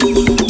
thank you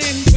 and